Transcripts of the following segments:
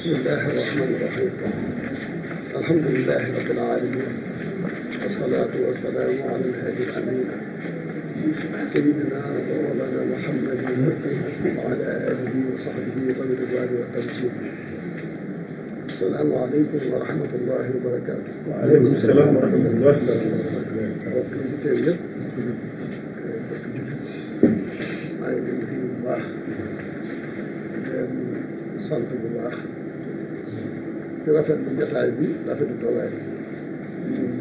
بسم الله الرحمن الرحيم الحمد لله رب العالمين والصلاة والسلام على الهادي الأمين سيدنا ومولانا محمد وعلى آله وصحبه ومن الرضوان والتمكين السلام عليكم ورحمة الله وبركاته وعليكم السلام ورحمة الله وبركاته اتصلت بالاخ رفض من قطع البيت رفض الدولار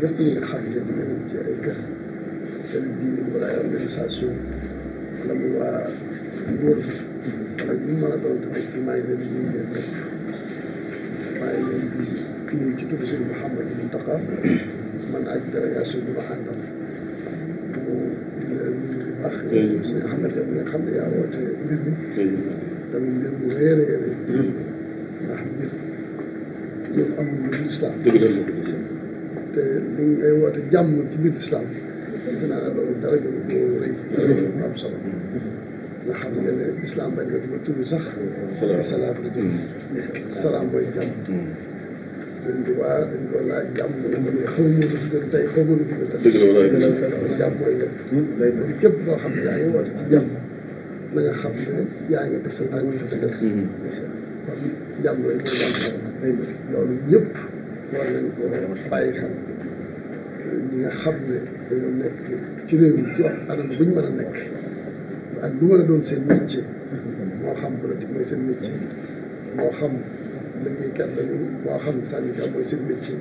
يقول لك حاجه من الجائكه الدين ولا يرمي ساسو لما هو نور لكن ما دولت في ما يدري ما يدري في كتب سيد محمد المنتقى من اجل ياسر بن محمد الاخ محمد بن حمد يا وجه حتى من غيره يعني راح ندير امر من الاسلام من ايوه تجمد في الاسلام يمكن على درجه ما بصراحه لحد الاسلام بقى تبتدي صح السلام السلام بقى جنب sëñ bi waa dañ ko laaj jàmm mu ne xaw ma lu gën tey xaw ma lu gën tey. dëgg la walaay jàmm mooy lépp. képp koo xam ne yaa ngi woote ci jàmm. na xam ne yaa ngi teg sa tànk fa mm-hmm. loolu yëpp war ko bàyyi xel nga xam ne dañoo nekk ci réew mi ci wax buñ mën a nekk ak lu mën a doon seen métier moo xam politique mooy seen métier moo xam liggéeykat lañu moo xam syndicat mooy seen métier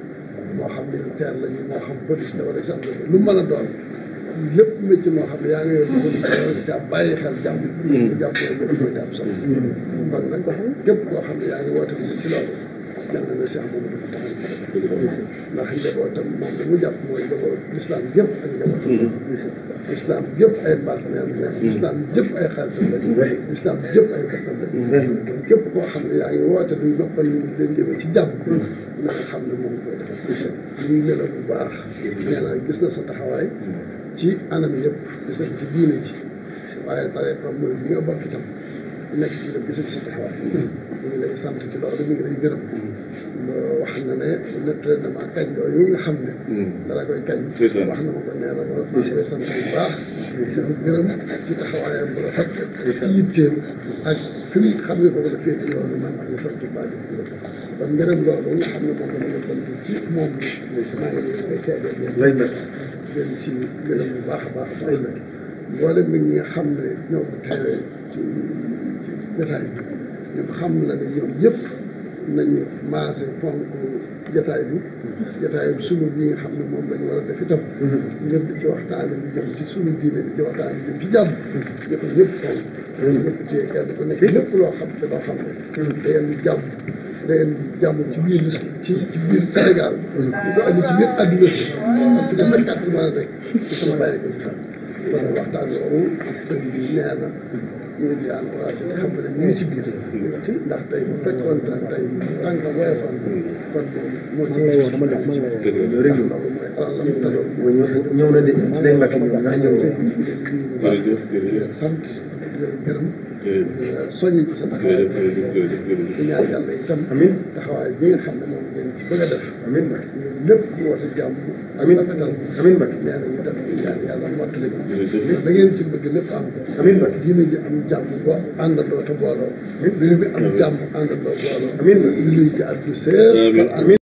moo xam militaire lañu moo xam police la wala gendarmerie lu mën a doon lépp métier moo xam ne yaa ngi yor dugub ca bàyyi xel jàmm. Mm. jàmm jàmm jàmm solo. kon nag képp koo xam ne yaa ngi woote ci loolu. jàng na Cheikh Mouhamadou Mountakha ndax njabootam moom li mu jàpp mooy njaboot lislaam yëpp ak njabootam lislaam yëpp ay partenaire lañ lislaam jëf ay xaritam lañ lislaam jëf ay bokkam lañ kon képp koo xam ne yaa ngi woote duñ noppal ñu leen jëme ci jàmm na nga xam ne moom koy def ñu ne la bu baax nee naa gis na sa taxawaay ci anam yëpp gis na ci diine ji waaye pare pam mooy li nga bokk itam nekk ci def gis sa ngi lay sant ci loolu ñu ngi lay gërëm wax ne na maa kañ yooyu nga xam ne hmm. dala koy kañ wax na ma ko nee na ma maa ngi koy sant bu baax di ko gërëm ci ci yitteem ak fi mu xam ne foofu la féete loolu man maa ngi sant bu baax di ko gërëm ma doon ci moom ngi koy seedeel leen ci gërëm bu baax a baax a baax mboolem mi nga xam ne ñoo ko ci ci jataay bi xam na ne ñoom ñëpp nañu maase fonk jataay bi jataay bi sunu bi xam ne moom lañu war a def itam ngir mm-hmm. di ci waxtaane lu jëm ci sunu diine di ci waxtaane lu jëm ci jàmm mm-hmm. ñëpp ñëpp fonk mm-hmm. ñëpp téye kenn ku nekk lépp loo xam te loo xam ne ci biir ci ci biir Sénégal di ci biir àdduna si ak fi ko sa kàtt mën a rek di ci xam kon waxtaan bi nee يرجع عن قراءة التحمل المنسبي نعطيه فتوى نعطيه عنقى ويفهم sant gërëm soññ ci sama ñaan yàlla itam amin taxawaay bi ngeen xam ne moom ngeen ci bëgg a def amin nag lépp ku woote jàmm amin atal amin nag nee nañu def ñaan yàlla mottali da ngeen ci bëgg lépp am amin nag diine ji am jàmm bo àndandoo te booloo réew mi am jàmm àndandoo booloo amiin liggéey ci at bi seer amiin